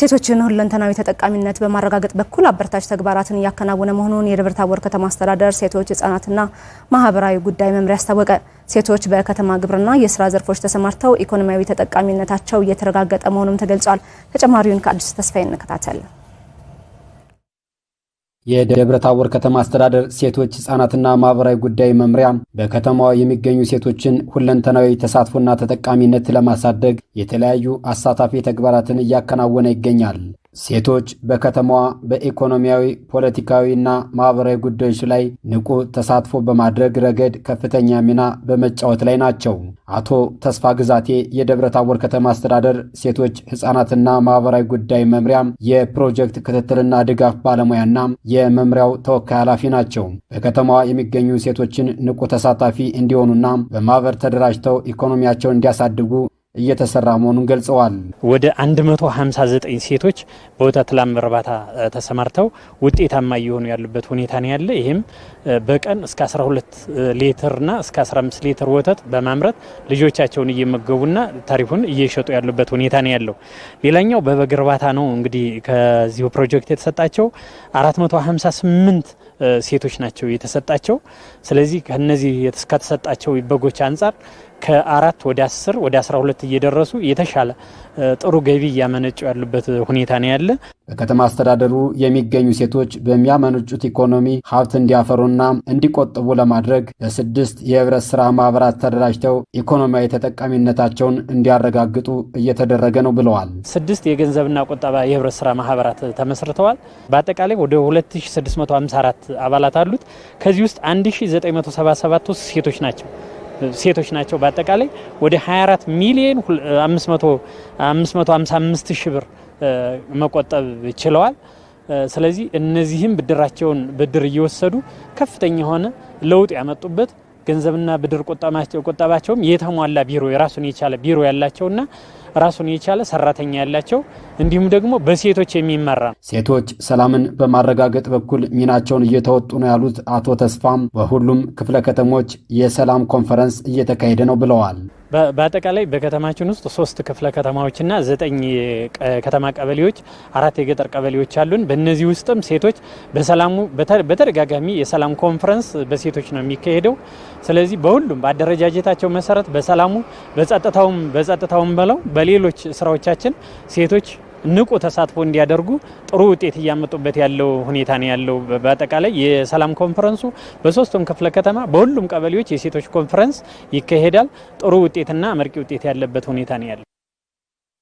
ሴቶችን ሁለንተናዊ ተጠቃሚነት በማረጋገጥ በኩል አበረታች ተግባራትን እያከናወነ መሆኑን የደብረ ታቦር ከተማ አስተዳደር ሴቶች ህጻናትና ማህበራዊ ጉዳይ መምሪያ አስታወቀ። ሴቶች በከተማ ግብርና የስራ ዘርፎች ተሰማርተው ኢኮኖሚያዊ ተጠቃሚነታቸው እየተረጋገጠ መሆኑም ተገልጿል። ተጨማሪውን ከአዲስ ተስፋዬ እንከታተል። የደብረ ታቦር ከተማ አስተዳደር ሴቶች ሕፃናትና ማህበራዊ ጉዳይ መምሪያ በከተማዋ የሚገኙ ሴቶችን ሁለንተናዊ ተሳትፎና ተጠቃሚነት ለማሳደግ የተለያዩ አሳታፊ ተግባራትን እያከናወነ ይገኛል። ሴቶች በከተማዋ በኢኮኖሚያዊ ፖለቲካዊና ማኅበራዊ ጉዳዮች ላይ ንቁ ተሳትፎ በማድረግ ረገድ ከፍተኛ ሚና በመጫወት ላይ ናቸው። አቶ ተስፋ ግዛቴ የደብረ ታቦር ከተማ አስተዳደር ሴቶች ሕፃናትና ማኅበራዊ ጉዳይ መምሪያ የፕሮጀክት ክትትልና ድጋፍ ባለሙያና የመምሪያው ተወካይ ኃላፊ ናቸው። በከተማዋ የሚገኙ ሴቶችን ንቁ ተሳታፊ እንዲሆኑና በማኅበር ተደራጅተው ኢኮኖሚያቸውን እንዲያሳድጉ እየተሰራ መሆኑን ገልጸዋል። ወደ 159 ሴቶች በወተት ላም እርባታ ተሰማርተው ውጤታማ እየሆኑ ያሉበት ሁኔታ ነው ያለ። ይህም በቀን እስከ 12 ሊትርና እስከ 15 ሊትር ወተት በማምረት ልጆቻቸውን እየመገቡና ታሪፉን እየሸጡ ያሉበት ሁኔታ ነው ያለው። ሌላኛው በበግ እርባታ ነው። እንግዲህ ከዚሁ ፕሮጀክት የተሰጣቸው 458 ሴቶች ናቸው የተሰጣቸው። ስለዚህ ከነዚህ ከተሰጣቸው በጎች አንጻር ከአራት ወደ 10 ወደ 12 እየደረሱ የተሻለ ጥሩ ገቢ እያመነጩ ያሉበት ሁኔታ ነው ያለ። በከተማ አስተዳደሩ የሚገኙ ሴቶች በሚያመነጩት ኢኮኖሚ ሀብት እንዲያፈሩና እንዲቆጥቡ ለማድረግ በስድስት የህብረት ስራ ማህበራት ተደራጅተው ኢኮኖሚያዊ ተጠቃሚነታቸውን እንዲያረጋግጡ እየተደረገ ነው ብለዋል። ስድስት የገንዘብና ቁጠባ የህብረት ስራ ማህበራት ተመስርተዋል። በአጠቃላይ ወደ 2654 አባላት አሉት። ከዚህ ውስጥ 1977 ሴቶች ናቸው። ሴቶች ናቸው። በአጠቃላይ ወደ 24 ሚሊዮን 555 ሺህ ብር መቆጠብ ችለዋል። ስለዚህ እነዚህም ብድራቸውን ብድር እየወሰዱ ከፍተኛ የሆነ ለውጥ ያመጡበት ገንዘብና ብድር ቁጠባቸውም የተሟላ ቢሮ የራሱን የቻለ ቢሮ ያላቸውና ራሱን የቻለ ሰራተኛ ያላቸው እንዲሁም ደግሞ በሴቶች የሚመራ ሴቶች ሰላምን በማረጋገጥ በኩል ሚናቸውን እየተወጡ ነው ያሉት አቶ ተስፋም በሁሉም ክፍለ ከተሞች የሰላም ኮንፈረንስ እየተካሄደ ነው ብለዋል። በአጠቃላይ በከተማችን ውስጥ ሶስት ክፍለ ከተማዎችና ዘጠኝ ከተማ ቀበሌዎች፣ አራት የገጠር ቀበሌዎች አሉን። በእነዚህ ውስጥም ሴቶች በሰላሙ በተደጋጋሚ የሰላም ኮንፈረንስ በሴቶች ነው የሚካሄደው። ስለዚህ በሁሉም በአደረጃጀታቸው መሰረት በሰላሙ በጸጥታውም በጸጥታውም በለው በሌሎች ስራዎቻችን ሴቶች ንቁ ተሳትፎ እንዲያደርጉ ጥሩ ውጤት እያመጡበት ያለው ሁኔታ ነው ያለው። በአጠቃላይ የሰላም ኮንፈረንሱ በሶስቱም ክፍለ ከተማ በሁሉም ቀበሌዎች የሴቶች ኮንፈረንስ ይካሄዳል። ጥሩ ውጤትና አመርቂ ውጤት ያለበት ሁኔታ ነው ያለው።